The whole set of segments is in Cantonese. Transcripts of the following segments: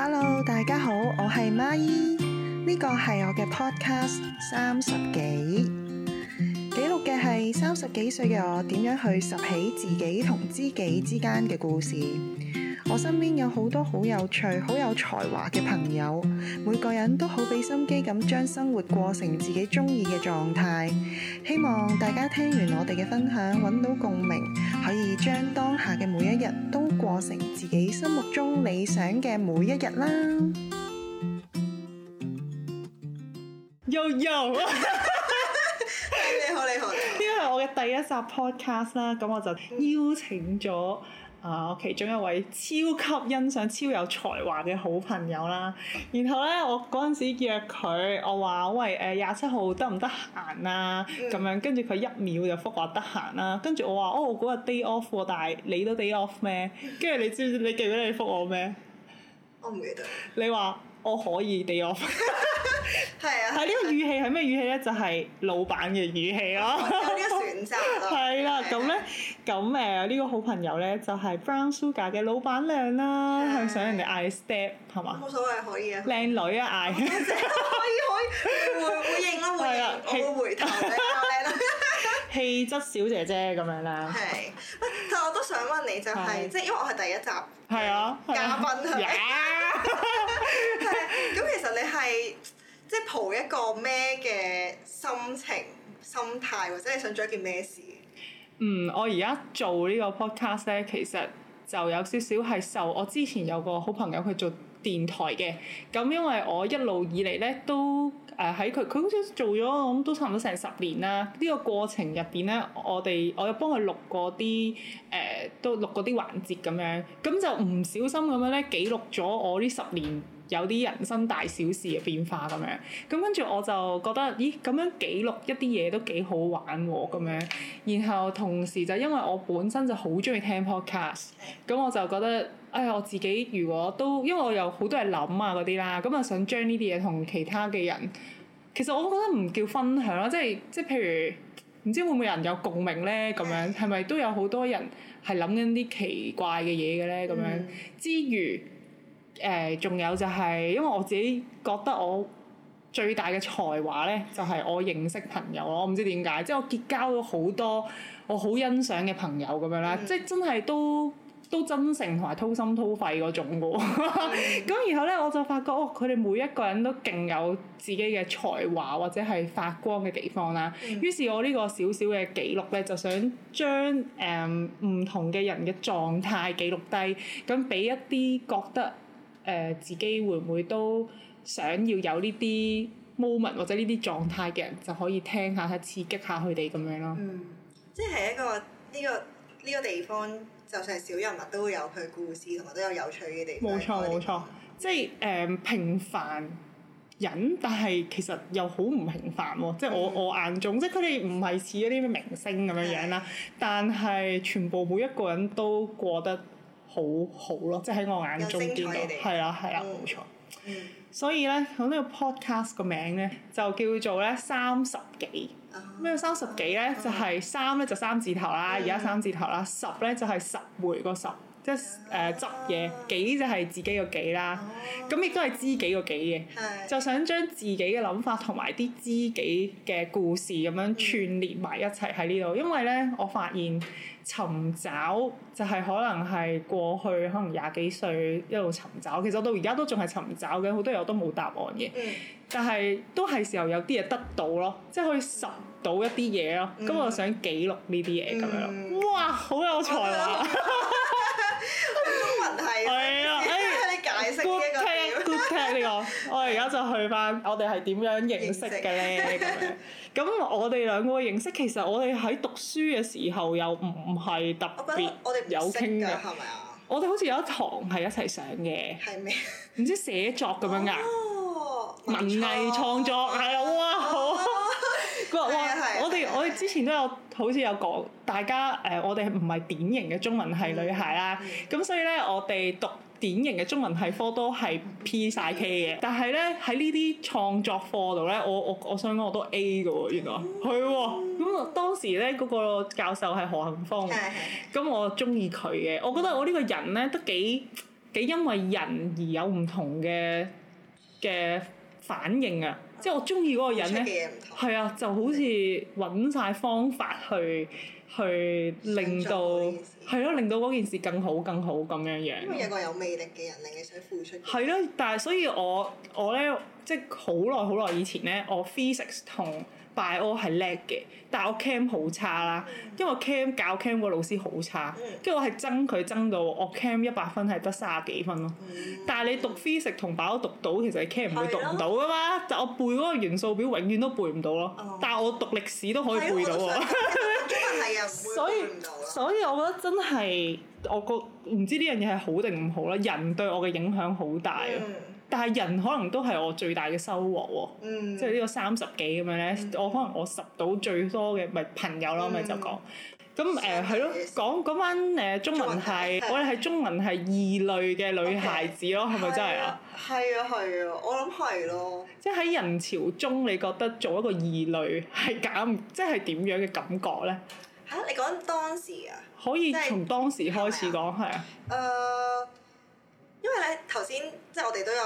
Hello，大家好，我係媽姨，呢個係我嘅 podcast 三十幾，記錄嘅係三十幾歲嘅我點樣去拾起自己同知己之間嘅故事。我身邊有好多好有趣、好有才華嘅朋友，每個人都好俾心機咁將生活過成自己中意嘅狀態。希望大家聽完我哋嘅分享，揾到共鳴，可以將當下嘅每一日都過成自己心目中理想嘅每一日啦。Yo yo，你好你好，呢個係我嘅第一集 podcast 啦，咁我就邀請咗。啊！其中、uh, okay. 一位超級欣賞、超有才華嘅好朋友啦，然後咧我嗰陣時約佢，我話喂誒廿七號得唔得閒啊？咁、mm hmm. 樣跟住佢一秒就覆我得閒啦，跟住我話哦嗰日 day off 喎，但係你都 day off 咩？跟住、mm hmm. 你知唔知你記唔記得你覆我咩？我唔記得。你話。我可以俾我係啊！係呢個語氣係咩語氣咧？就係老闆嘅語氣咯。有呢個選擇咯。係啦，咁咧，咁誒呢個好朋友咧就係 Brown Sugar 嘅老闆娘啦，係想人哋嗌 step 係嘛？冇所謂，可以啊。靚女啊，嗌！可以可以，會會應咯，會應，我會回頭嘅，我靚女。氣質小姐姐咁樣啦。係。但我都想問你，就係即係因為我係第一集係啊嘉賓啊。你係即係抱一個咩嘅心情、心態，或者你想做一件咩事？嗯，我而家做個呢個 podcast 咧，其實就有少少係受我之前有個好朋友佢做電台嘅咁，因為我一路以嚟咧都誒喺佢佢好似做咗咁都差唔多成十年啦。呢個過程入邊咧，我哋我又幫佢錄過啲誒、呃，都錄過啲環節咁樣，咁就唔小心咁樣咧記錄咗我呢十年。有啲人生大小事嘅變化咁樣，咁跟住我就覺得，咦，咁樣記錄一啲嘢都幾好玩喎咁樣。然後同時就因為我本身就好中意聽 Podcast，咁我就覺得，哎呀，我自己如果都，因為我有好多嘢諗啊嗰啲啦，咁啊想將呢啲嘢同其他嘅人，其實我覺得唔叫分享囉，即係即係譬如唔知會唔會有人有共鳴咧咁樣，係咪都有好多人係諗緊啲奇怪嘅嘢嘅咧咁樣、嗯、之餘。誒，仲、呃、有就係、是，因為我自己覺得我最大嘅才華咧，就係、是、我認識朋友咯。我唔知點解，即係我結交咗好多我好欣賞嘅朋友咁樣啦，嗯、即係真係都都真誠同埋掏心掏肺嗰種喎。咁、 嗯、然後咧，我就發覺哦，佢哋每一個人都勁有自己嘅才華或者係發光嘅地方啦。於、嗯、是，我呢個小小嘅記錄咧，就想將誒唔同嘅人嘅狀態記錄低，咁俾一啲覺得。誒、呃、自己會唔會都想要有呢啲 moment 或者呢啲狀態嘅人就可以聽下，刺激下佢哋咁樣咯。嗯，即係一個呢、這個呢、這個地方，就算係小人物都有佢故事，同埋都有有趣嘅地方。冇錯冇錯，錯邊即係誒、呃、平凡人，但係其實又好唔平凡喎。即係我、嗯、我眼中，即係佢哋唔係似一啲咩明星咁樣樣啦，嗯、但係全部每一個人都過得好好咯，即喺我眼中見到，係啦係啦，冇錯。所以咧，響、這個、呢個 podcast 個名咧就叫做咧三十幾，咩、uh huh. 三十幾咧？Uh huh. 就係三咧就三字頭啦，而家、uh huh. 三字頭啦，十咧就係十回個十。即係、呃、執嘢，己就係自己個己啦，咁亦都係知己個己嘅，的就想將自己嘅諗法同埋啲知己嘅故事咁樣串聯埋一齊喺呢度。嗯、因為咧，我發現尋找就係可能係過去可能廿幾歲一路尋找，其實我到而家都仲係尋找嘅，好多嘢我都冇答案嘅。嗯、但係都係時候有啲嘢得到咯，即係可以拾到一啲嘢咯。咁、嗯、我想記錄呢啲嘢咁樣。哇、嗯，好有才華！啊 中文系，誒，了你解釋 good 聽，good 聽呢、 呢個，我而家就去翻，我哋係點樣認識嘅咧？咁認識，咁、 呢個、我哋兩個認識，其實我哋喺讀書嘅時候又唔係特別有傾嘅，係咪啊？是是我哋好似有一堂係一齊上嘅，係咩？唔知寫作咁樣㗎，哦、文藝創作係啊。哦對哦哇我哋我哋之前都有好似有講，大家誒、呃，我哋唔係典型嘅中文系女孩啦。咁、嗯、所以咧，我哋讀典型嘅中文系科都係 P 晒 K 嘅。嗯、但係咧喺呢啲創作課度咧，我我我想講我都 A 㗎喎。原來係喎。咁、嗯嗯嗯、當時咧，嗰、那個教授係何幸峰。咁、嗯、我中意佢嘅，我覺得我呢個人咧都幾幾因為人而有唔同嘅嘅。反應啊！即係我中意嗰個人咧，係啊，就好似揾晒方法去、嗯、去令到係咯，令到嗰件事更好更好咁樣樣。因為有一個有魅力嘅人令你想付出。係咯，但係所以我我咧即係好耐好耐以前咧，我 physics 同 bio 係叻嘅，但係我 cam 好差啦，因為 cam 教 cam 個老師好差，跟住我係爭佢爭到我 cam 一百分係得三十幾分咯。但係你讀 physics 同 bio 讀到，其實你 cam 唔會讀唔到㗎嘛。就我背嗰個元素表永遠都背唔到咯，但係我讀歷史都可以背到。所以所以，我覺得真係我覺唔知呢樣嘢係好定唔好啦。人對我嘅影響好大啊。但係人可能都係我最大嘅收穫喎，即係呢個三十幾咁樣咧，我可能我拾到最多嘅咪朋友咯，咪就講咁誒係咯，講嗰班誒中文係我哋係中文係異類嘅女孩子咯，係咪真係啊？係啊係啊，我諗係咯。即係喺人潮中，你覺得做一個異類係感，即係點樣嘅感覺咧？嚇！你講緊當時啊？可以從當時開始講係啊。誒。因為咧頭先即係我哋都有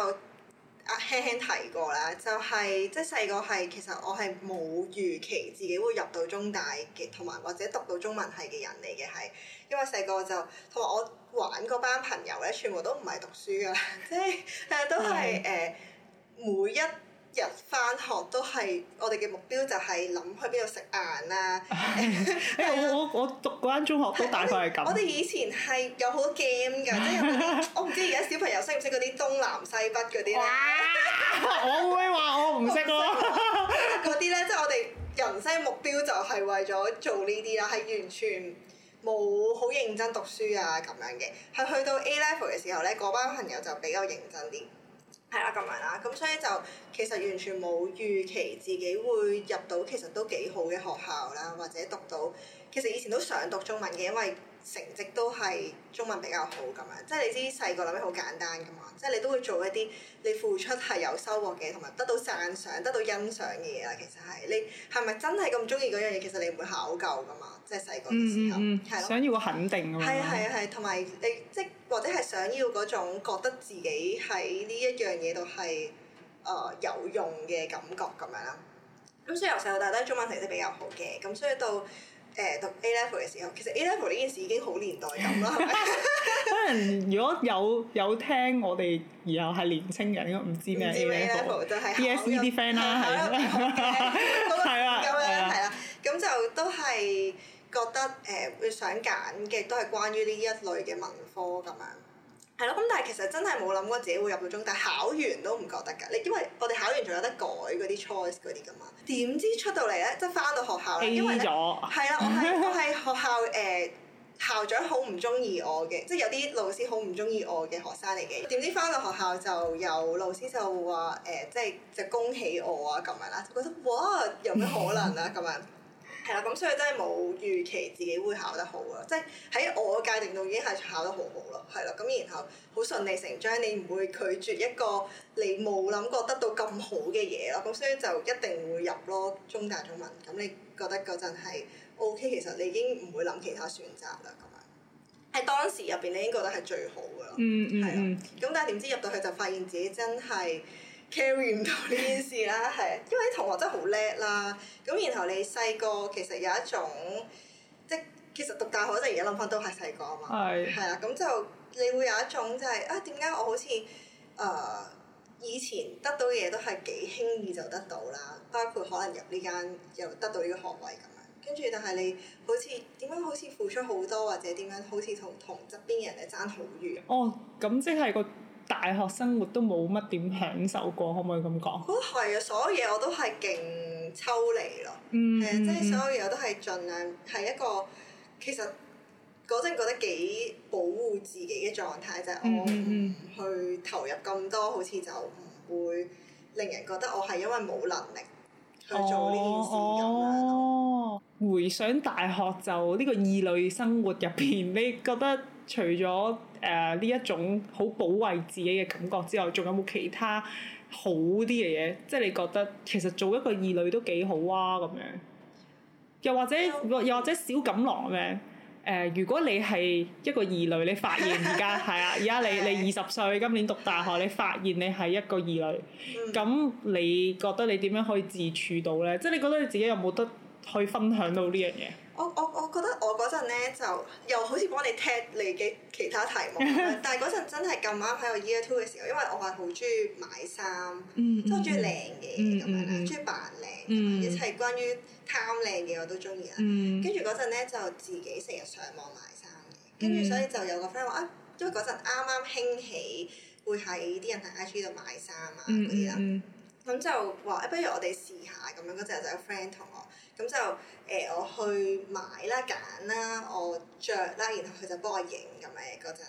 啊輕輕提過啦，就係、是、即係細個係其實我係冇預期自己會入到中大嘅，同埋或者讀到中文系嘅人嚟嘅係，因為細個就同埋我玩嗰班朋友咧，全部都唔係讀書㗎喇，即係誒都係誒、 呃、每一日返學都係我哋嘅目標，就係諗去邊度食晏啦。誒 我我我讀嗰間中學，大概係咁。我哋以前係有好多 game 㗎，即係我唔知而家小朋友識唔識嗰啲東南西北嗰啲咧。哇 我會話我唔識咯。嗰啲咧，即係、 就是、我哋人生目標就係為咗做呢啲啦，係完全冇好認真讀書啊咁樣嘅。係去到 A level 嘅時候咧，嗰班朋友就比較認真啲。係啦，咁埋啦，咁所以就其實完全冇預期自己會入到其實都幾好嘅學校啦，或者讀到，其實以前都想讀中文嘅，因為。 成績都係中文比較好咁樣，即係你知細個諗起好簡單噶嘛，即係你，你都會做一啲你付出係有收穫嘅，同埋得到讚賞、得到欣賞嘅嘢啦。其實係你係咪真係咁中意嗰樣嘢？其實你唔會考究噶嘛，即係細個時候，係、嗯、咯，想要個肯定咯。係啊係啊係，同埋你即或者係想要嗰種覺得自己喺呢一樣嘢度係誒有用嘅感覺咁樣啦。咁所以由細到大都係中文成績比較好嘅，咁所以到。誒讀 A level 嘅時候，其實 A level 呢件事已經好年代咁啦，係咪？ 可能如果有有聽我哋，然後係年青人應該唔知咩 A level，yes，呢啲 friend 啦，係啊，係啦馭，咁就都係覺得誒會、呃、想揀嘅都係關於呢一類嘅文科咁樣。係咯，咁、嗯、但係其實真係冇諗過自己會入到中大，考完都唔覺得噶你因為我哋考完仲有得改嗰啲 choice 嗰啲噶嘛，點知出到嚟咧，即係翻到學校咧，因為咧，係啦，我係我係學校誒、呃、校長好唔中意我嘅，即係有啲老師好唔中意我嘅學生嚟嘅。點知翻到學校就有老師就話誒，即、呃、係就、恭喜我啊咁樣啦，就覺得哇有咩可能啊咁樣。係啦，咁所以真係冇預期自己會考得好啊！即係喺我嘅界定度已經係考得好好啦，係啦，咁然後好順理成章，你唔會拒絕一個你冇諗過得到咁好嘅嘢咯。咁所以就一定會入咯中大中文。咁你覺得嗰陣係 OK，其實你已經唔會諗其他選擇啦。咁樣喺當時入邊，你已經覺得係最好嘅咯、嗯。嗯嗯。咁但係點知入到去就發現自己真係～carry 唔到呢件事啦，係，因為啲同學真係好叻啦。咁然後你細個其實有一種，即係其實讀大學嗰陣時，我真係而家諗翻都係細個啊嘛。係。係啦，咁就你會有一種就係、是、啊，點解我好似誒、呃、以前得到嘅嘢都係幾輕易就得到啦？包括可能入呢間又得到呢個學位咁樣。跟住但係你好似點解好似付出好多，或者點樣好似同同側邊嘅人哋爭好遠。哦，咁即係個。大學生活都冇乜點享受過，可唔可以咁講？好係啊！所有嘢我都係勁抽離咯，係啊、嗯呃，即係所有嘢我都係盡量係一個其實嗰陣覺得幾保護自己嘅狀態啫，就係、我唔去投入咁多，嗯、好似就唔會令人覺得我係因為冇能力去做呢件事咁樣囉。回想大學就呢、呢個異類生活入邊，你覺得除咗誒呢、呃、一種好保衞自己嘅感覺之外，仲有冇其他好啲嘅嘢？即係你覺得其實做一個異女都幾好啊咁樣。又或者又或者小錦囊咁樣。誒、呃，如果你係一個異女，你發現而家係啊，而家你你二十歲，今年讀大學， 你發現你係一個異女，咁、嗯、你覺得你點樣可以自處到咧？即係你覺得你自己有冇得去分享到呢樣嘢。我我我覺得我嗰陣咧就又好似幫你踢你嘅其他題目，但係嗰陣真係咁啱喺我 year two 嘅時候，因為我係好中意買衫，即係中意靚嘢咁樣啦，中意扮靚，一切關於貪靚嘢我都中意啦。跟住嗰陣咧就自己成日上網買衫嘅，跟住所以就有個 friend 話啊，因為嗰陣啱啱興起會喺啲人喺 I G 度買衫啊嗰啲啦，咁就話誒不如我哋試下咁樣嗰陣就有 friend 同我。咁就誒、欸，我去買啦、揀啦、我着啦，然後佢就幫我影咁嘅嗰陣，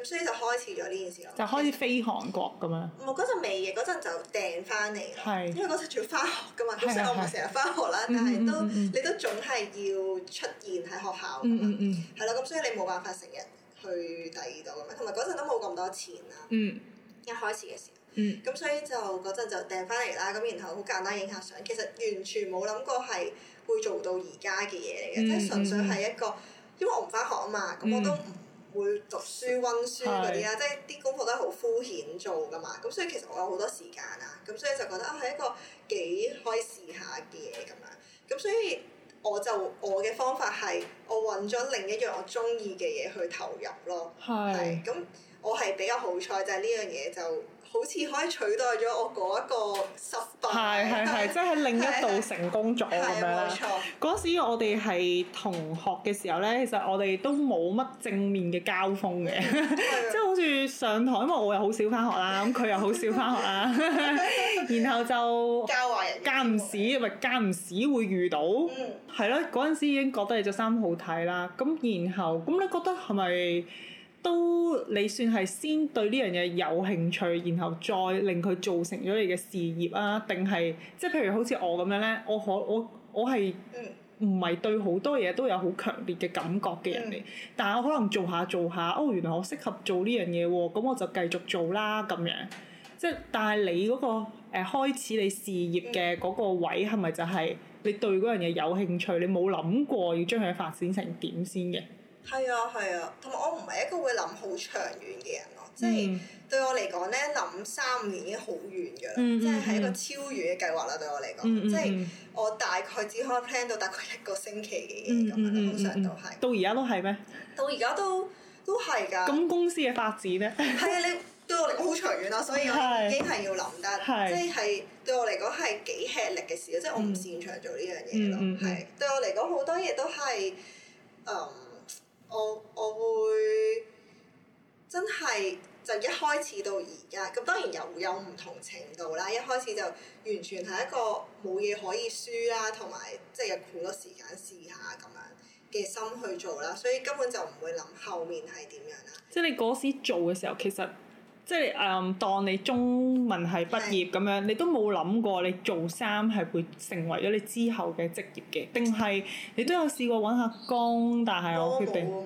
咁所以就開始咗呢件事咯。就開始飛韓國咁樣？冇，係嗰陣未嘅，嗰陣就訂翻嚟。係是。因為嗰陣仲要翻學噶嘛，咁所以我唔係成日翻學啦，是是但係都嗯嗯嗯嗯，你都總係要出現喺學校㗎嘛。嗯係、嗯、咯、嗯嗯，咁所以你冇辦法成日去第二度咁樣，同埋嗰陣都冇咁多錢啦。嗯。一開始嘅時候。嗯，咁所以就嗰陣就訂翻嚟啦，咁然後好簡單影下相，其實完全冇諗過係會做到而家嘅嘢嚟嘅，嗯、即係純粹係一個，因為我唔翻學啊嘛，咁、嗯、我都唔會讀書溫書嗰啲啦，是即係啲功課都係好敷衍做噶嘛，咁所以其實我有好多時間啊，咁所以就覺得啊係一個幾可以試下嘅嘢咁樣，咁所以我就我嘅方法係我揾咗另一樣我中意嘅嘢去投入咯，係咁是我係比較好彩就係呢樣嘢就好似可以取代咗我嗰一個失敗，係係係，即係喺另一度成功咗咁樣。嗰時我哋係同學嘅時候咧，其實我哋都冇乜正面嘅交鋒嘅，即係好似上台，因為我又好少返學啦，咁佢 又好少返學啦， 然後就教壞人，間唔時咪間唔時會遇到，係咯、嗯，嗰陣時已經覺得你着衫好睇啦，咁然後咁你覺得係咪？都你算係先對呢樣嘢有興趣，然後再令佢做成咗你嘅事業啊？定係即係譬如好似我咁樣咧，我可我我係唔係對好多嘢都有好強烈嘅感覺嘅人嚟？嗯、但係我可能做下做下哦，原來我適合做呢樣嘢喎，咁我就繼續做啦咁樣。即係但係你嗰、嗰個誒、呃、開始你事業嘅嗰個位係咪、嗯、就係你對嗰樣嘢有興趣？你冇諗過要將佢發展成點先嘅？係啊，係啊，同埋我唔係一個會諗好長遠嘅人咯。即係對我嚟講咧，諗三年已經好遠㗎啦，即係係一個超遠嘅計劃啦。對我嚟講，即係我大概只可以 plan 到大概一個星期嘅嘢咁樣，通常都係。到而家都係咩？到而家都都係㗎。咁公司嘅發展咧？係啊，你對我嚟講好長遠啊，所以我已經係要諗得，即係對我嚟講係幾吃力嘅事。即係我唔擅長做呢樣嘢咯，係對我嚟講好多嘢都係，嗯。我我會真係就一開始到而家，咁當然又有唔同程度啦。一開始就完全係一個冇嘢可以輸啦，同埋即係有好多時間試下咁樣嘅心去做啦，所以根本就唔會諗後面係點樣啦。即係你嗰時做嘅時候，其實。即係誒、嗯，當你中文系畢業咁對 樣，你都冇諗過你做衫係會成為咗你之後嘅職業嘅，定係你都有試過揾下工，但係我決定、哦、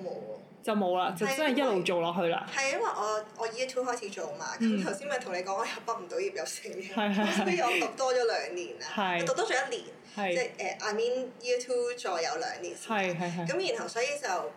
就冇啦，對就真係一路做落去啦。係因為我我 Year Two 開始做嘛，咁頭先咪同你講我又畢唔到業又升嘅，對對對 所以我讀多咗兩年啦，對 我讀多咗一年，即係誒 I mean Year Two 再有兩年，咁對然後所以就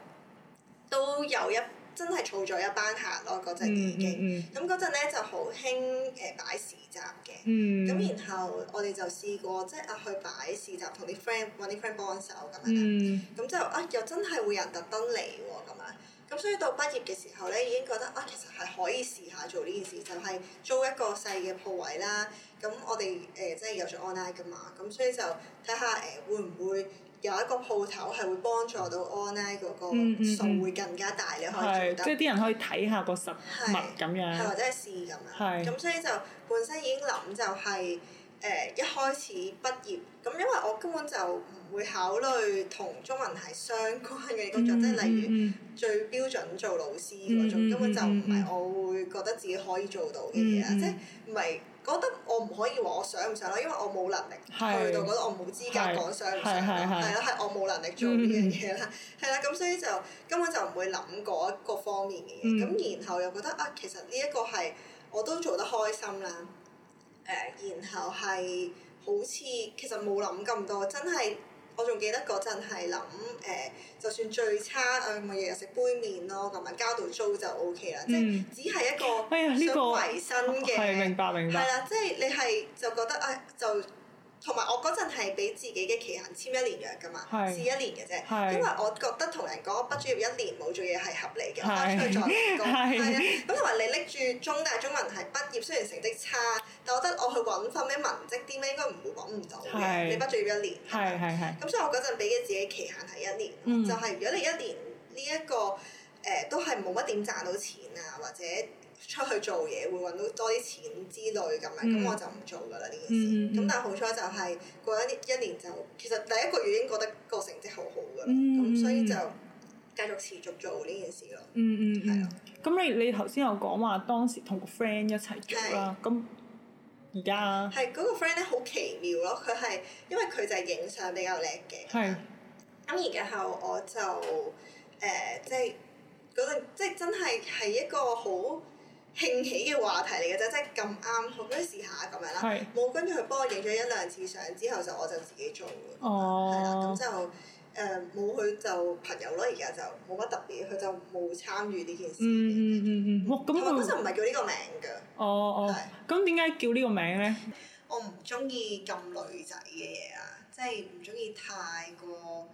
都有一。真係儲咗一班客咯，嗰陣已經，咁嗰陣咧就好興誒擺市集嘅，咁、嗯、然後我哋就試過即係去擺市集，同啲 friend 揾啲 friend 幫手咁樣，咁、嗯、就啊又真係會有人特登嚟喎咁樣，咁所以到畢業嘅時候咧已經覺得啊其實係可以試下做呢件事，就係、是、租一個細嘅鋪位啦，咁我哋誒、呃、即係有咗 online 噶嘛，咁所以就睇下誒會唔會有一個鋪頭係會幫助到 online 嗰個數會更加大，你可以做得，即係啲人可以睇下個實物咁樣，係或者係試咁樣，咁所以就本身已經諗就係。誒、呃、一開始畢業，咁因為我根本就唔會考慮同中文系相關嘅工作，即係例如最標準做老師嗰種，嗯、根本就唔係我會覺得自己可以做到嘅嘢，嗯、即係唔係覺得我唔可以話我想唔想啦，因為我冇能力是去到，覺得我冇資格講想唔想啦，係啦，係我冇能力做呢樣嘢啦，係啦、嗯，咁所以就根本就唔會諗過一個方面嘅，嘢、嗯。咁然後又覺得啊，其實呢一個係我都做得開心啦。誒、呃，然後係好似其實冇諗咁多，真係我仲記得嗰陣係諗誒、就算最差啊，咪日日食杯麪咯，咁埋交到租就 O、OK、K 啦，即係只係一個想維生嘅，明白明白，係啦，即係你係就覺得啊、呃、就。同埋我嗰陣係俾自己嘅期限簽一年約㗎嘛，試一年嘅啫，因為我覺得同人講畢咗業一年冇做嘢係合理嘅，我翻去再講，係啊，咁同埋你拎住中大中文系畢業，雖然成績差，但我覺得我去揾份咩文職啲咩應該唔會揾唔到嘅，你畢咗業一年，係係係，咁所以我嗰陣俾嘅自己期限係一年，就係如果你一年呢一個誒都係冇乜點賺到錢啊或者，出去做嘢會揾到多啲錢之類咁、嗯、樣，咁我就唔做噶啦呢件事。咁、嗯、但係好彩就係過咗一年就其實第一個月已經覺得個成績好好噶啦，咁、嗯、所以就繼續持續做呢件事咯、嗯。嗯嗯。係咯了。咁你你頭先有講話當時同是、那個 friend 一齊做啊，咁而家？係嗰個 friend 咧好奇妙咯，佢係因為佢就係影相比較叻嘅。係是。咁然後我就誒、呃、即係嗰陣即係真係係一個好。興起嘅話題嚟嘅啫，即係咁啱，我跟住試下咁樣啦。冇跟住佢幫我影咗一兩次相之後，就我就自己做哦，係啦。咁之後誒冇佢就朋友咯，而家就冇乜特別，佢就冇參與呢件事，嗯。嗯嗯嗯嗯，哇、哦！咁同嗰陣唔係叫呢個名㗎、哦。哦哦。咁點解叫呢個名咧？我唔中意咁女仔嘅嘢啊，即係唔中意太過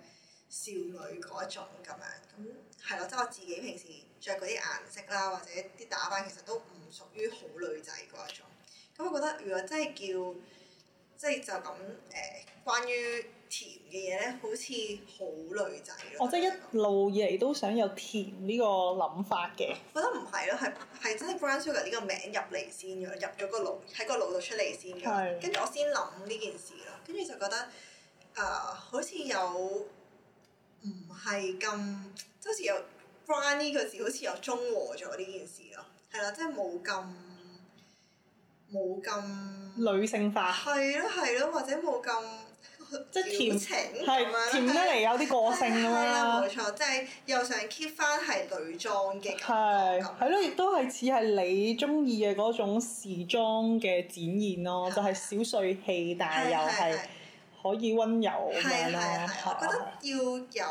少女嗰種咁樣咁。嗯嗯係咯，即係我自己平時着嗰啲顏色啦，或者啲打扮其實都唔屬於好女仔嗰一種。咁我覺得如果真係叫，即係就咁誒、呃，關於甜嘅嘢咧，好似好女仔。我即係一路以嚟都想有甜呢個諗法嘅。我覺得唔係咯，係係真係 brown sugar 呢個名入嚟先嘅，入咗個腦喺個腦度出嚟先嘅。跟住的我先諗呢件事，跟住就覺得誒、呃，好似有唔係咁。好似又 brown 個字好似又中和咗呢件事咯，係啦，即係冇咁冇咁女性化，係咯係咯，或者冇咁即係甜情。咁樣，甜得嚟有啲個性啦，冇錯，即係又想 keep 翻係女裝嘅，係係咯，亦都係似係你中意嘅嗰種時裝嘅展現咯，就係小帥氣，但係又係。可以溫柔咁樣啦，係啊係啊，係我覺得要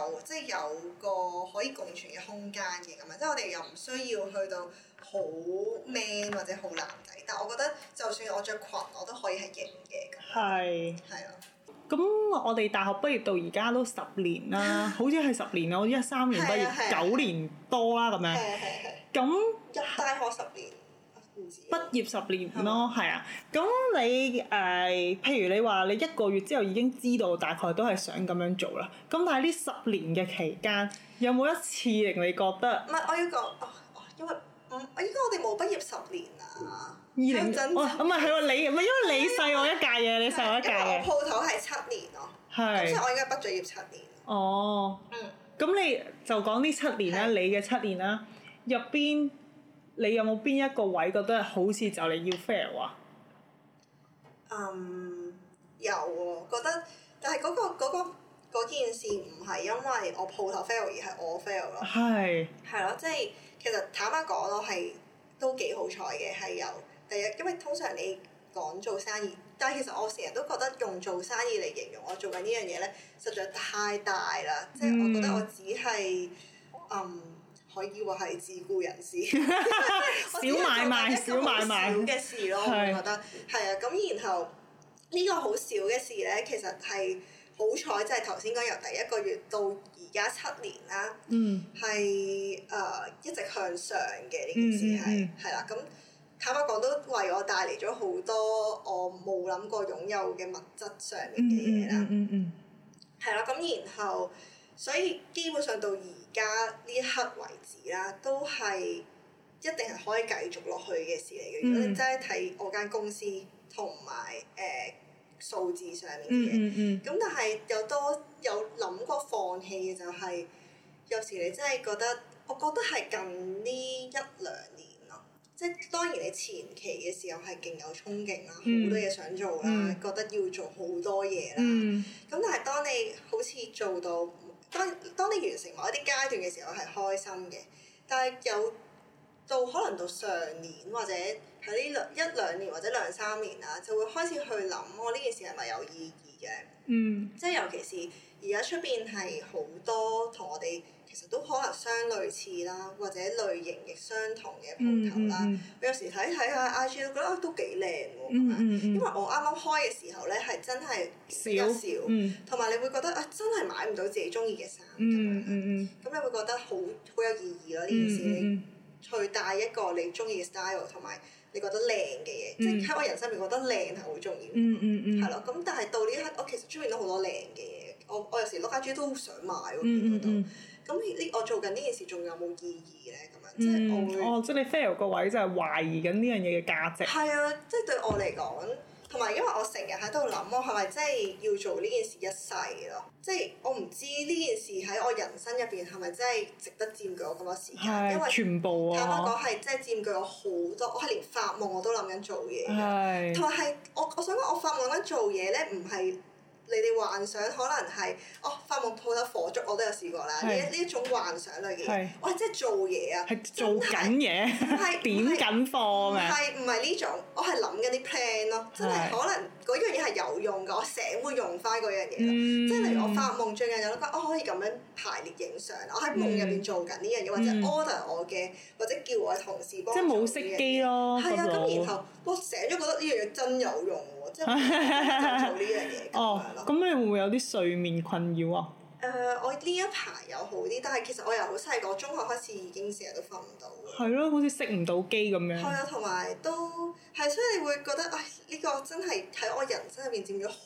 有即係有個可以共存嘅空間嘅咁啊，即係我哋又唔需要去到好 man 或者好男仔，但係我覺得就算我着裙，我都可以係型嘅。係。係啊。咁我哋大學畢業到而家都十年啦，好似係十年啊，我一三年畢業， 係啊係啊，九年多啦咁樣。係啊係啊。咁入大學十年。畢業十年咯，係啊，咁你誒，譬如你話你一個月之後已經知道大概都係想咁樣做啦，咁但係呢十年嘅期間，有冇一次令你覺得？唔係，我要講哦，因為唔，依家我哋冇畢業十年啊，兩陣，哇，唔係，係話你唔係因為你細我一屆嘅，你細我一屆嘅。因為我鋪頭係七年咯，係，咁所以我應該畢咗業七年。哦，嗯，咁你就講呢七年啦，你嘅七年啦，入邊。你有冇邊一個位覺得好似就你要 fail 啊？嗯，um, 有喎、啊，覺得，但係嗰、那個嗰、那個、件事唔係因為我鋪頭 fail 而係我 fail 咯、啊。係、 啊。係、就、咯、是，即係其實坦白講，我係都幾好彩嘅，係有，第一，因為通常你講做生意，但係其實我成日都覺得用做生意嚟形容我做緊呢樣嘢咧，實在太大啦，即係、嗯、我覺得我只係嗯。可以話係自雇人士， 小買賣、小買賣嘅事咯，買買我覺得係啊。咁的然後、這個、呢個好少嘅事咧，其實係好彩，即係頭先講由第一個月到而家七年啦，係誒、嗯呃、一直向上嘅呢件事係係啦。咁、嗯嗯嗯、坦白講都為我帶嚟咗好多我冇諗過擁有嘅物質上面嘅嘢啦，係啦、嗯嗯嗯嗯嗯。咁然後。所以基本上到而家呢一刻為止啦，都係一定係可以繼續落去嘅事嚟嘅。如果你真係睇我間公司同埋誒數字上面嘅嘢，咁、嗯嗯嗯嗯、但係有多有諗過放棄嘅就係、是、有時你真係覺得，我覺得係近呢一兩年咯，即、就、係、是、當然你前期嘅時候係勁有衝勁啦，好、嗯、多嘢想做啦，嗯、覺得要做好多嘢啦。咁、嗯、但係當你好似做到～當你完成某一啲階段嘅時候，係開心嘅，但係有到可能到上年或者喺呢兩一兩年或者兩三年啦、啊，就會開始去諗我呢件事係咪有意義嘅？嗯，即係尤其是而家出邊係好多同我哋。其實都可能相類似啦，diamonds, 或者類型亦相同嘅鋪頭啦。我有時睇睇下 IG，覺得都幾靚喎。因為我啱啱開嘅時候咧，係真係少一少，同埋你會覺得啊，真係買唔到自己中意嘅衫。咁樣。咁你會覺得好好有意義咯呢件事。你去帶一個你中意嘅 style 同埋你覺得靚嘅嘢，即係喺我人生入面覺得靚係好重要。係咯，咁但係到呢刻我其實中意到好多靚嘅嘢，我我有時 look IG 都想買喎。咁呢？嗯、我做緊呢件事仲有冇意義咧？咁啊，即係我會哦，即係你 fail 個位就係懷疑緊呢樣嘢嘅價值。係啊，即係對我嚟講，同埋因為我成日喺度諗我係咪真係要做呢件事一世咯？即係我唔知呢件事喺我人生入邊係咪真係值得佔據我咁多時間？是因為全部啊，坦白講係即係佔據我好多，我係連發夢我都諗緊做嘢嘅，同埋係我我想講我發夢諗緊做嘢咧唔係。你哋幻想可能係哦，發夢鋪頭火燭我都有試過啦，呢呢一種幻想類嘅嘢，哇是！即係做嘢啊，係做緊嘢，是 點緊貨咩？唔係唔係呢種，我係諗緊啲 plan 咯，真係可能嗰樣嘢係有用㗎，我醒會用翻嗰樣嘢。嗯、即係例如我發夢最近有覺得，我可以咁樣排列影相，我喺夢入邊做緊呢樣嘢，嗯、或者 order 我嘅，或者叫我同事幫。即係冇熄機咯，係啊！咁、嗯嗯、然後我醒咗覺得呢樣嘢真有用。即係做呢樣嘢哦，樣咯。咁你會唔會有啲睡眠困擾啊？誒、呃，我呢一排有好啲，但係其實我由好細個，中學開始已經成日都瞓唔到。係咯，好似熄唔到機咁樣。係啊，同埋都係，所以你會覺得，唉、哎，呢、這個真係喺我人生入邊佔咗好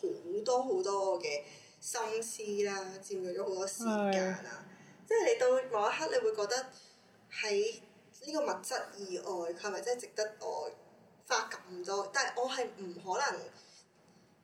多好多我嘅心思啦，佔咗好多時間啦。即係對你到某一刻，你會覺得喺呢個物質以外，佢係咪真係值得愛？花咁多，但係我係唔可能，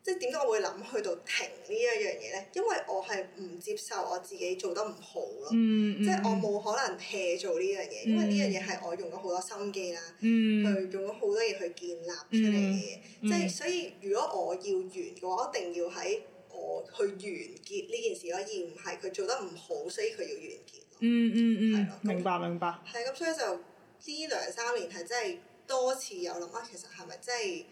即係點解我會諗去到停呢一樣嘢咧？因為我係唔接受我自己做得唔好咯，嗯嗯、即係我冇可能 hea 做呢樣嘢，嗯、因為呢樣嘢係我用咗好多心機啦，嗯、去用咗好多嘢去建立出嚟嘅。嘢、嗯。嗯、即係所以，如果我要完嘅話，我一定要喺我去完結呢件事咯，而唔係佢做得唔好，所以佢要完結咯。嗯嗯嗯，明、嗯、白了明白。係咁就白，所以就呢兩三年係真係。多次有諗啊，其實係咪真係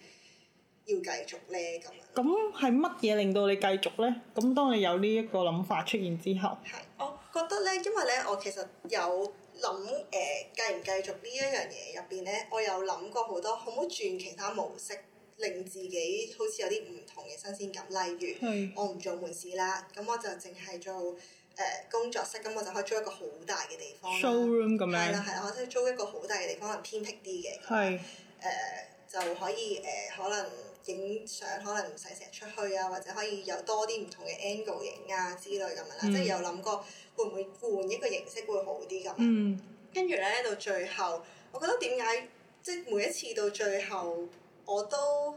要繼續咧？咁樣，咁係乜嘢令到你繼續咧？咁當你有呢一個諗法出現之後，係我覺得咧，因為咧，我其實有諗誒、呃，繼唔繼續呢一樣嘢入邊咧，我有諗過好多，可唔可以轉其他模式，令自己好似有啲唔同嘅新鮮感，例如係我唔做門市啦，咁我就淨係做。誒、呃、工作室，咁我就可以租一個好大嘅地方 showroom 啦，係啦係，我即係租一個好大嘅地方，可能偏僻啲嘅，誒是、呃、就可以誒可能影相，可能唔使成日出去啊，或者可以有多啲唔同嘅 angle 影啊之類咁樣啦，即係、嗯、有諗過會唔會換一個形式會好啲咁。嗯，跟住咧到最後，我覺得點解即係每一次到最後我都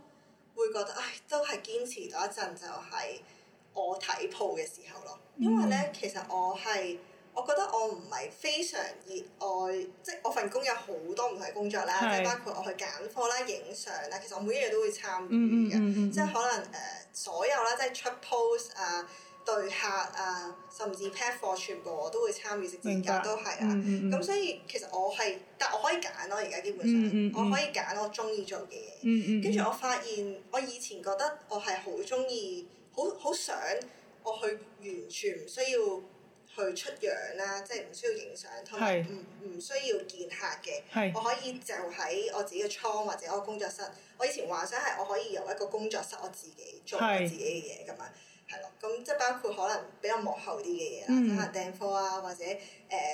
會覺得唉，都係堅持到一陣就係我睇鋪嘅時候咯。因為咧，其實我係，我覺得我唔係非常熱愛，即係我份工有好多唔同嘅工作啦，即係是包括我去揀貨啦、影相啦，其實我每一日都會參與嘅，即係可能誒所有啦，即係出 post 啊、對客啊，甚至 pack 貨全部我都會參與，直接間白都係啊。咁、嗯嗯嗯、所以其實我係，但我可以揀咯，而家基本上、嗯嗯、我可以揀我中意做嘅嘢。跟住、嗯嗯嗯、我發現，我以前覺得我係好中意，好好想。我去完全唔需要去出樣啦、啊，即係唔需要影相，同埋唔唔需要見客嘅。是我可以就喺我自己嘅倉或者我工作室。我以前幻想係我可以由一個工作室我自己做我自己嘅嘢咁樣，係咯是。咁即係包括可能比較幕後啲嘅嘢啦，可能訂貨啊，或者誒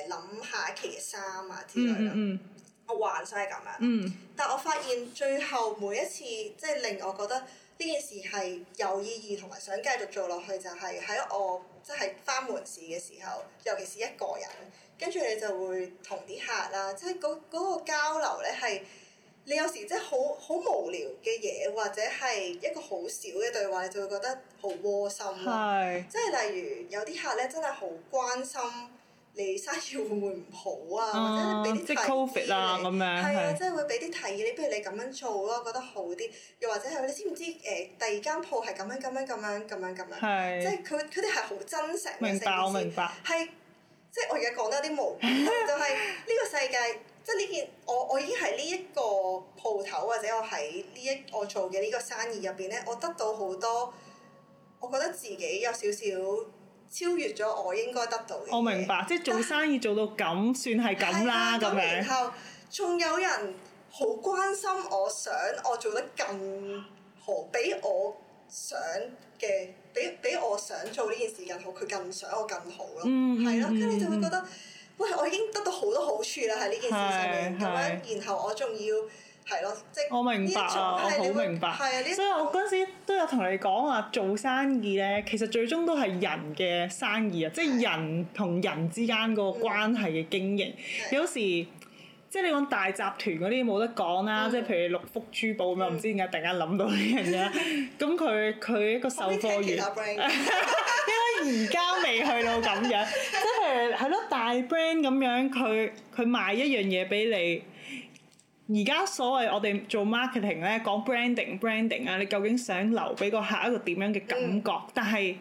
諗、呃、下一期嘅衫啊之類咯。嗯嗯、我幻想係咁樣，嗯、但係我發現最後每一次即係、就是、令我覺得。呢件事係有意義同埋想繼續做落去，就係喺我即係返門市嘅時候，尤其是一個人，跟住你就會同啲客啦，即係嗰嗰個交流咧，係，你有時即係好好無聊嘅嘢，或者係一個好少嘅對話，你就會覺得好窩心咯。係，即係例如有啲客咧，真係好關心。你生意會唔會唔好啊？啊或者俾啲提示你，係啊，即係會俾啲提議你，不如你咁樣做咯，覺得好啲。又或者係你知唔知？誒、呃，第二間鋪係咁樣咁樣咁樣咁樣咁樣，樣樣樣樣是即係佢佢哋係好真實，明白，治明白。係，即係我而家講得有啲模糊， 就係呢個世界，即係呢件我我已經係呢一個鋪頭，或者我喺呢一我做嘅呢個生意入邊咧，我得到好多，我覺得自己有少少。超越咗我應該得到嘅。我明白，即係做生意做到咁算係咁啦，咁樣。然後仲有人好關心我，想我做得更好，比我想嘅，比比我想做呢件事更好，佢更想我更好咯。嗯係咯，咁嗯、你就會覺得，嗯、喂，我已經得到好多好處啦，喺呢件事上面，咁樣，然後我仲要。係咯，我明白啊，我好明白。係啊，所以我嗰陣時都有同你講話做生意咧，其實最終都係人嘅生意啊，即係人同人之間嗰個關係嘅經營。有時即係你講大集團嗰啲冇得講啦，即係譬如六福珠寶咁樣，唔知點解突然間諗到呢樣嘢啦。咁佢佢，一個售貨員，因為而家未去到咁樣，即係係咯，大 brand，咁樣，佢佢賣一樣嘢俾你。而家所謂我哋做 marketing 咧，講 branding，branding 啊，你究竟想留俾個客一個點樣嘅感覺？嗯、但係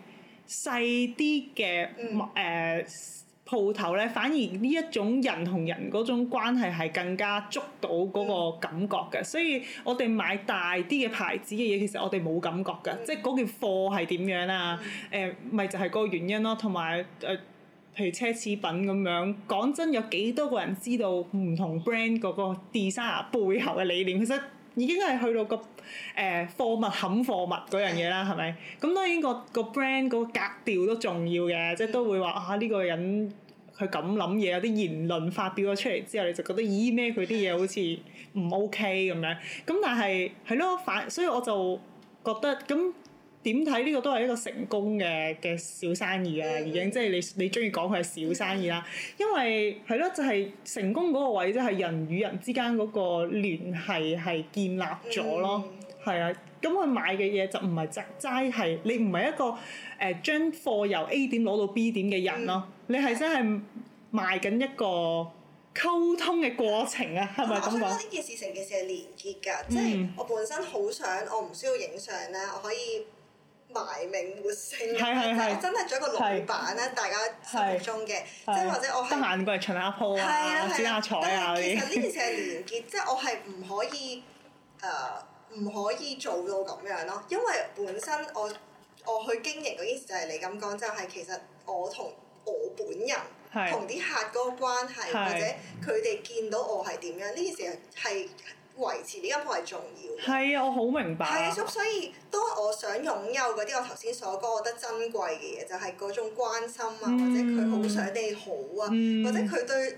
細啲嘅誒鋪頭咧，反而呢一種人同人嗰種關係係更加捉到嗰個感覺嘅。嗯、所以我哋買大啲嘅牌子嘅嘢，其實我哋冇感覺㗎，嗯、即係嗰件貨係點樣啊？誒、嗯，咪、呃、就係、是、嗰個原因咯，同埋誒。呃譬如奢侈品咁樣，講真有幾多個人知道唔同 brand 嗰個 design 背後嘅理念？其實已經係去到個誒、呃、貨物冚貨物嗰樣嘢啦，係咪？咁當然個個 brand 個格調都重要嘅，即係都會話啊呢、呢個人佢咁諗嘢，有啲言論發表咗出嚟之後，你就覺得咦咩佢啲嘢好似唔 OK 咁樣。咁但係係咯，反所以我就覺得咁。點睇呢個都係一個成功嘅嘅小生意啊，嗯、已經即係你你中意講佢係小生意啦，嗯、因為係咯，就係、是、成功嗰個位即係、就是、人與人之間嗰個聯繫係建立咗咯，係、嗯、啊，咁佢買嘅嘢就唔係齋齋係你唔係一個誒將貨由 A 點攞到 B 點嘅人咯，嗯、你係真係賣緊一個溝通嘅過程啊，係咪咁講？呢件事成件事係連結㗎，即係、嗯、我本身好想我唔需要影相咧，我可以。埋名活姓，我真係做一個老闆咧，大家心目中嘅，即係或者我得閒過嚟巡下鋪啊，剪下彩啊，其實呢件事係連結，即係我係唔可以，誒，唔可以做到咁樣咯，因為本身我我去經營嗰件事就係你咁講，就係其實我同我本人同啲客嗰個關係，或者佢哋見到我係點樣，呢件事係。維持呢間鋪係重要。係啊，我好明白。係啊，咁所以當我想擁有嗰啲我頭先所講我覺得珍貴嘅嘢，就係、是、嗰種關心啊，嗯、或者佢好想你好啊，嗯、或者佢對，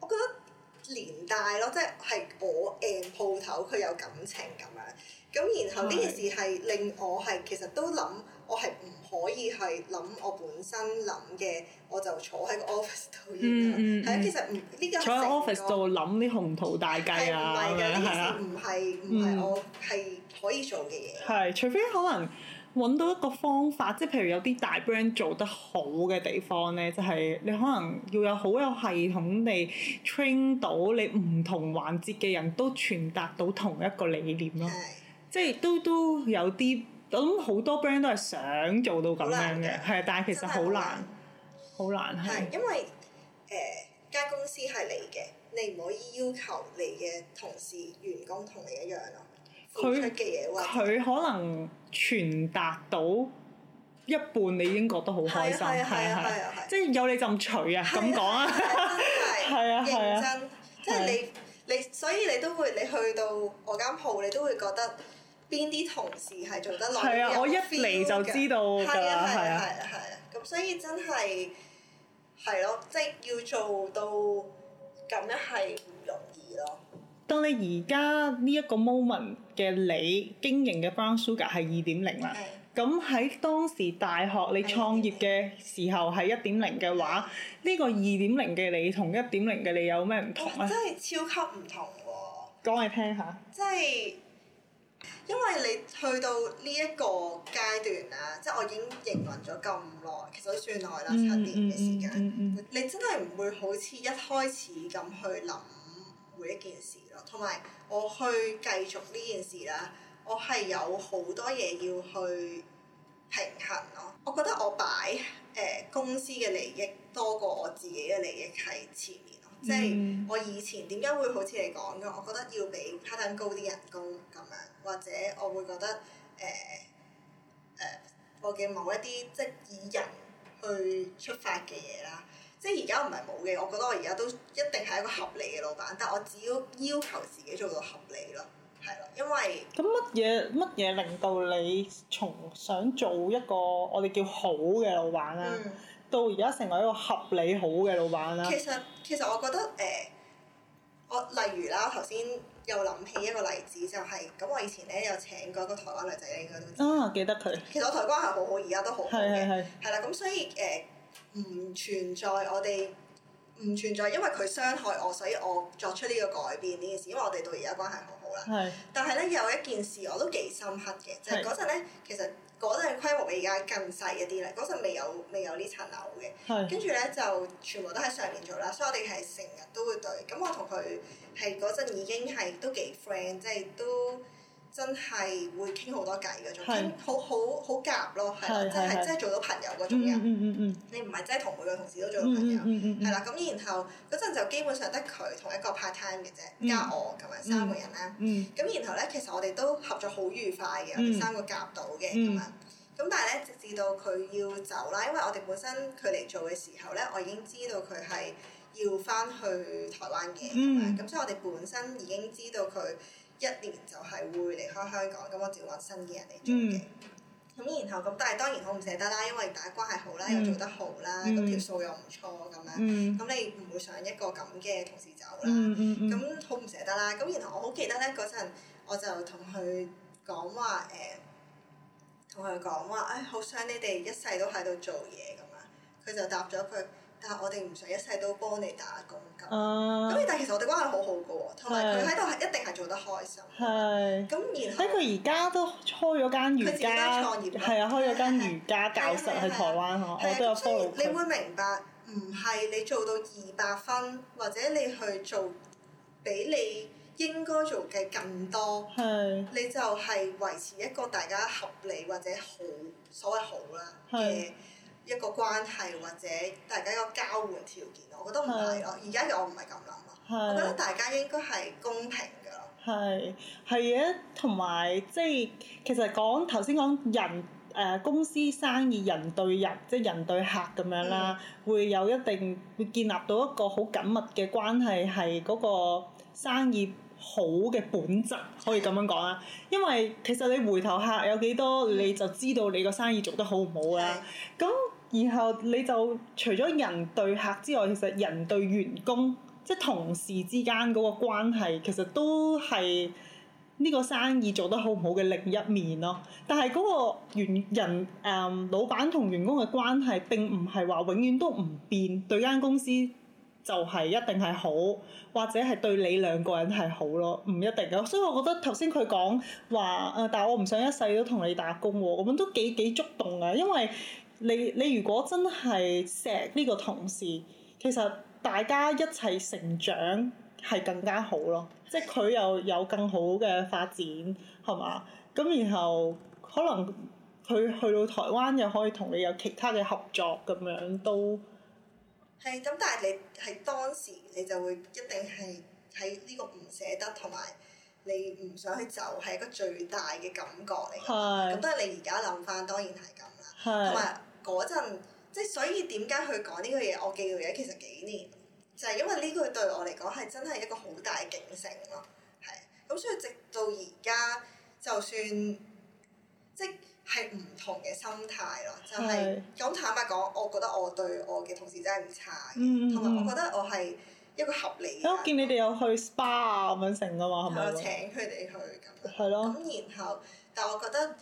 我覺得年代咯，即係係我誒、欸、鋪頭佢有感情咁樣。咁然後呢件事係令我係其實都諗，我係唔。可以係諗我本身諗嘅，我就坐喺個 office 度。係啊、嗯嗯，其實唔呢個係成個坐喺 office 度諗啲宏圖大計啊，咁係啊。的嗯。唔係唔係我係可以做嘅嘢。係，除非可能揾到一個方法，即係譬如有啲大 brand 做得好嘅地方咧，就係、係、你可能要有好有系統地 train 到你唔同環節嘅人都傳達到同一個理念咯。係的。即係都都，都有啲。咁好多 brand 都係想做到咁樣嘅，係，但係其實好難，好難係。因為誒間公司係你嘅，你唔可以要求你嘅同事員工同你一樣咯。付出嘅嘢，或佢可能傳達到一半，你已經覺得好開心，係啊，係即係有你咁趣啊，咁講啊，係啊係啊，認真，即係你你所以你都會你去到我間鋪，你都會覺得。邊啲同事係做得落？啲係啊，我一嚟就知道㗎啦，係啊，係啊，係啊，咁所以真係係咯，即係要做到咁樣係唔容易咯。當你而家呢一個 moment 嘅你經營嘅 Brown Sugar 係二點零啦，咁喺當時大學你創業嘅時候係一點零嘅話，呢個二點零嘅你同一點零嘅你有咩唔同咧？真係超級唔同喎！講嚟聽下。即係。因為你去到呢一個階段啦，即係我已經營運咗咁耐，其實都算耐啦，七年嘅時間，嗯嗯嗯嗯、你真係唔會好似一開始咁去諗每一件事咯。同埋我去繼續呢件事咧，我係有好多嘢要去平衡咯。我覺得我擺誒、呃、公司嘅利益多過我自己嘅利益喺前面。嗯、即係我以前點解會好似你講嘅？我覺得要比 partner 高啲人工咁樣，或者我會覺得誒誒、呃呃，我嘅某一啲即係以人去出發嘅嘢啦。即係而家唔係冇嘅，我覺得我而家都一定係一個合理嘅老闆，但我只要要求自己做到合理咯，係咯，因為咁乜嘢乜嘢令到你從想做一個我哋叫好嘅老闆啦？嗯到而家成為一個合理好嘅老闆啦。其實其實我覺得誒、呃，我例如啦，頭先又諗起一個例子就係，咁我以前咧有請過一個台灣女仔應該都知，啊、哦！記得佢。其實我台灣係好好，而家都好嘅。係係係。係啦，咁所以誒，唔存在我哋。唔存在，因為佢傷害我，所以我作出呢個改變呢件事，因為我哋到而家關係好好啦。係是。但係咧有一件事我都幾深刻嘅，就係嗰陣咧，其實嗰陣規模比而家更細一啲啦，嗰陣未有未有呢層樓嘅。係是。跟住咧就全部都喺上面做啦，所以我哋係成日都會對。咁我同佢係嗰陣已經係都幾 friend，即係都。真係會傾好多偈嘅種，傾好好好夾咯，係咯，即係即係真係做到朋友嗰種人，你唔係真係同每個同事都做到朋友，係啦。咁然後嗰陣就基本上得佢同一個 part time 嘅啫，加我同埋三個人啦。咁然後咧，其實我哋都合作好愉快嘅，我哋三個夾到嘅咁樣。咁但係咧，直至到佢要走啦，因為我哋本身佢嚟做嘅時候咧，我已經知道佢係要返去台灣嘅，咁所以我哋本身已經知道佢。一年就係會離開香港，咁我就要揾新嘅人嚟做嘅。咁、嗯、然後咁，但係當然好唔捨得啦，因為大家關係好啦，嗯、又做得好啦，個條數又唔錯咁樣，咁、嗯、你唔會想一個咁嘅同事走啦。咁好唔捨得啦。咁然後我好記得咧，嗰陣，我就同佢講話誒，同佢講話，誒、呃、好、哎、想你哋一世都喺度做嘢咁樣！佢就答咗佢。但係我哋唔想一世都幫你打工咁，咁但係其實我哋關係好好噶喎，同埋佢喺度係一定係做得開心。係。咁然後，佢而家都開咗間瑜伽。佢自己創業。係啊，開咗間瑜伽教室喺台灣，我我都有幫到佢。你會明白，唔係你做到二百分，或者你去做比你應該做嘅更多，你就係維持一個大家合理或者好所謂好啦嘅。一個關係或者大家一個交換條件，我覺得唔係咯。而家嘅我唔係咁諗啦。的我覺得大家應該係公平嘅咯。係係嘅，同埋即係其實講，頭先講人誒、呃、公司生意，人對人，即係人對客咁樣啦，嗯、會有一定會建立到一個好緊密嘅關係，係嗰個生意好嘅本質可以咁樣講啦，因為其實你回頭客有幾多你就知道你個生意做得好唔好啦。咁然後你就除咗人對客之外，其實人對員工，即係同事之間嗰個關係，其實都係呢個生意做得好唔好嘅另一面咯。但係嗰個員人誒，老闆同員工嘅關係並唔係話永遠都唔變，對間公司。就係一定係好，或者係對你兩個人係好咯，唔一定㗎。所以我覺得頭先佢講話誒，但我唔想一世都同你打工喎，我諗都幾幾觸動嘅。因為你你如果真係錫呢個同事，其實大家一齊成長係更加好咯。即係佢又有更好嘅發展係嘛？咁然後可能佢去到台灣又可以同你有其他嘅合作咁樣都。係咁，但係你喺當時你就會一定係喺呢個唔捨得同埋你唔想去走係一個最大嘅感覺嚟。係的。咁但係你而家諗返，當然係咁啦。同埋嗰陣，即係所以點解去講呢句嘢？我記住嘅其實幾年，就係、是、因為呢句對我嚟講係真係一個好大嘅警醒咯。係。咁、嗯、所以直到而家，就算即。係唔同嘅心態咯，就係、是、咁是坦白講，我覺得我對我嘅同事真係唔差嘅，嗯、同埋我覺得我係一個合理嘅。我見你哋有去 SPA 啊、嗯，咁樣成㗎嘛，係咪對？有請佢哋去。係咯。咁了然後，但係我覺得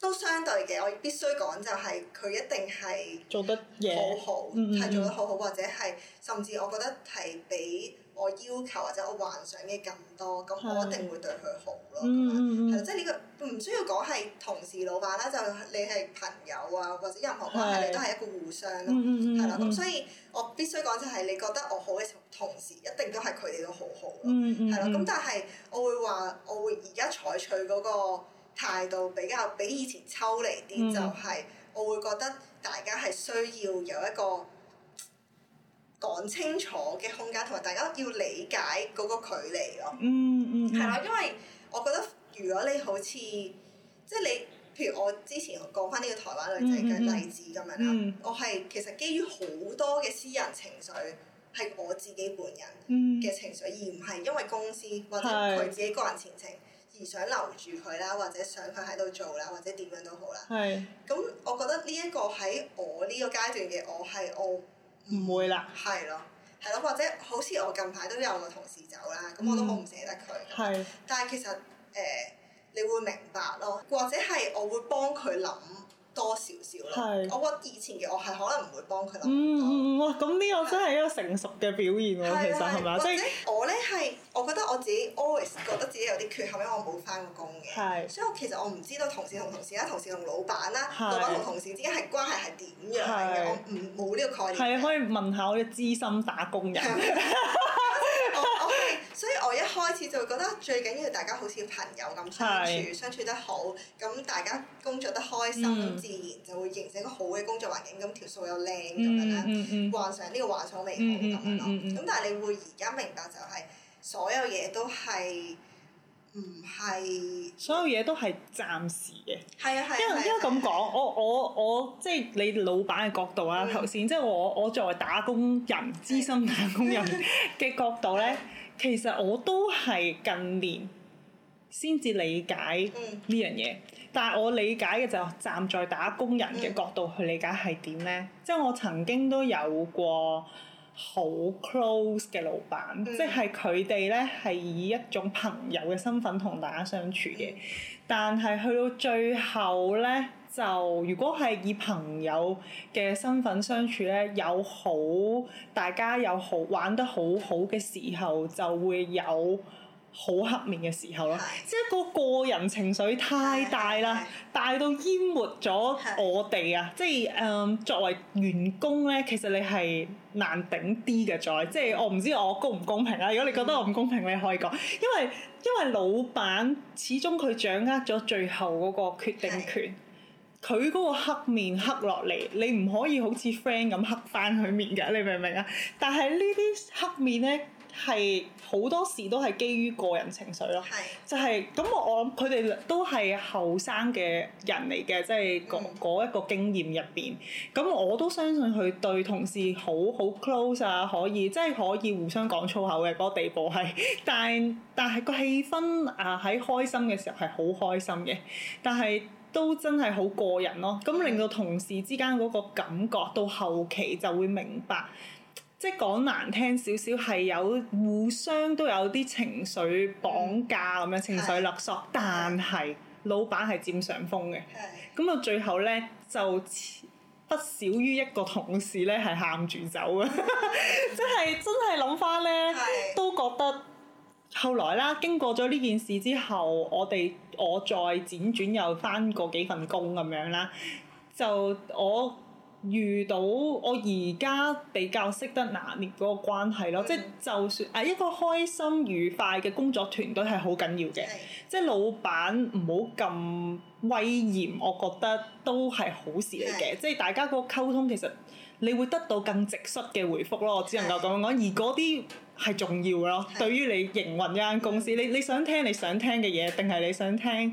都相對嘅，我必須講就係、是、佢一定係做得嘢好好，係做得好好，或者係甚至我覺得係比。我要求或者我幻想嘅更多，咁我一定會對佢好咯，咁樣，係啦的，即係呢個唔需要講係同事老闆啦，就你係朋友啊，或者任何關係，你的都係一個互相咯，係啦的，咁、嗯、所以我必須講就係你覺得我好嘅同同時一定都係佢哋都好好咯，係啦，咁但係我會話我會而家採取嗰個態度比較比以前抽離啲，嗯、就係我會覺得大家係需要有一個講清楚嘅空間同埋大家要理解嗰個距離咯，嗯嗯、mm，係、hmm. 啦，因為我覺得如果你好似即係你，譬如我之前講翻呢個台灣女仔嘅、mm hmm. 例子咁樣啦，mm hmm. 我係其實基於好多嘅私人情緒，係我自己本人嘅情緒，mm hmm. 而唔係因為公司或者佢自己個人前程、mm hmm. 而想留住佢啦，或者想佢喺度做啦，或者點樣都好啦。係、mm，咁、hmm. 我覺得呢一個喺我呢個階段嘅我係我。Mm hmm. mm hmm. 唔會啦，係咯，係咯，或者好似我近排都有個同事走啦，咁、嗯、我都好唔捨得佢，係。但係其實誒、呃，你會明白咯，或者係我會幫佢諗多少少咯，是我覺得以前嘅我係可能唔會幫佢咁多，嗯嗯嗯，哇、嗯！咁呢個真係一個成熟嘅表現喎，是其實係咪啊？即係吧我咧係，我覺得我自己 always 覺得自己有啲缺陷，因為我冇返過工嘅。係是。所以我其實我唔知道同事同同事啦，同事同老闆啦，是老闆同同事之間係關係係點樣嘅。是我唔冇呢個概念。係啊，可以問下我啲資深打工人。 似就覺得最緊要大家好似朋友咁相處，相處得好，咁大家工作得開心，嗯、自然就會形成一個好嘅工作環境，咁、那、條、個、數又靚咁樣啦。幻想呢個幻想美好咁樣咯。咁、嗯嗯、但係你會而家明白就係、是、所有嘢都係唔係所有嘢都係暫時嘅。係啊係啊。因為因為咁講，我我我即係、就是、你老闆嘅角度啦。頭先即係我我作為打工人，資深打工人嘅、嗯、角度咧。其實我都係近年先至理解呢樣嘢，但係我理解嘅就站在打工人嘅角度去理解係點呢？即係我曾經都有過好 close 嘅老闆，嗯、即係佢哋呢係以一種朋友嘅身份同大家相處嘅，但係去到最後呢。就如果係以朋友嘅身份相處咧，有好大家有好玩得好好嘅時候，就會有好黑面嘅時候咯。 即係個個人情緒太大啦， 大到淹沒咗我哋啊！ 即係誒、呃、作為員工咧，其實你係難頂啲嘅。在即係我唔知我公唔公平啦。如果你覺得我唔公平， 你可以講，因為因為老闆始終佢掌握咗最後嗰個決定權。 佢嗰個黑面黑落嚟，你唔可以好似 friend 咁黑翻佢面㗎，你明唔明啊？但係呢啲黑面咧係好多時都係基於個人情緒咯，就係、係、咁我我諗佢哋都係後生嘅人嚟嘅，即係嗰嗰一個經驗入邊，咁我都相信佢對同事好好 close 啊，close, 可以即係、就係、可以互相講粗口嘅嗰個地步係，但係但係個氣氛啊喺開心嘅時候係好開心嘅，但係。都真係好過癮咯，咁令到同事之間嗰個感覺到後期就會明白，即係講難聽少少係有互相都有啲情緒綁架咁樣情緒勒索，但係老闆係佔上風嘅。咁到最後呢，就不少於一個同事呢係喊住走啊， 真係真係諗翻呢，都覺得。後來啦，經過咗呢件事之後，我哋我再輾轉又翻過幾份工咁樣啦，就我遇到我而家比較識得拿捏嗰個關係咯，嗯、即係就算啊一個開心愉快嘅工作團隊係好緊要嘅，嗯、即係老闆唔好咁威嚴，我覺得都係好事嚟嘅，嗯、即係大家個溝通其實你會得到更直率嘅回覆咯，我只能夠咁樣講，而嗰啲。係重要㗎囉，對於你營運一間公司，你你想聽你想聽嘅嘢，定係你想聽？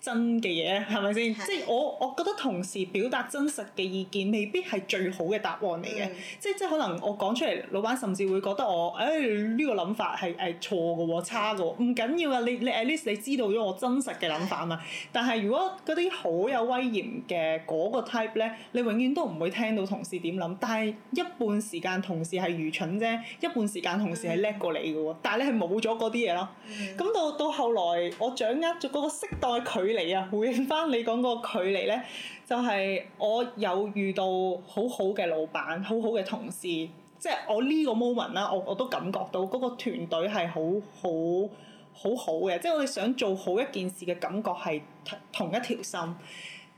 真嘅嘢係咪先？ 即係我我覺得同事表達真實嘅意見未必係最好嘅答案嚟嘅、嗯。即係即係可能我講出嚟，老闆甚至會覺得我誒呢、哎呢個諗法係係錯嘅喎，差嘅喎。唔緊要啊，你你，你 at least 你知道咗我真實嘅諗法嘛。但係如果嗰啲好有威嚴嘅嗰個 type 咧，你永遠都唔會聽到同事點諗。但係一半時間同事係愚蠢啫，一半時間同事係叻過你嘅喎。嗯、但係你係冇咗嗰啲嘢咯。咁、嗯、到到後來，我掌握咗嗰個適當嘅嚟啊！回應翻你講個距離咧，就係、是、我有遇到好好嘅老闆、好好嘅同事，即、就、係、是、我呢個 moment 啦，我我都感覺到嗰個團隊係好好好好嘅，即、就、係、是、我哋想做好一件事嘅感覺係同一條心。誒、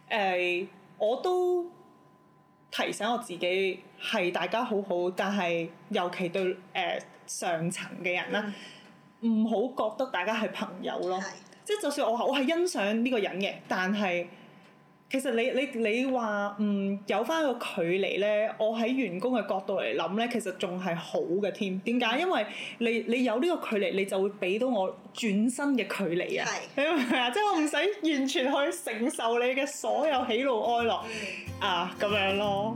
欸，我都提醒我自己係大家好好，但係尤其對誒、呃、上層嘅人啦，唔好、嗯、覺得大家係朋友咯。即就算我我係欣賞呢個人嘅，但係其實你你你話唔、嗯、有返個距離咧，我喺員工嘅角度嚟諗咧，其實仲係好嘅添。點解？因為你你有呢個距離，你就會俾到我轉身嘅距離啊！係啊是，即係 我唔使完全去承受你嘅所有喜怒哀樂啊咁樣咯。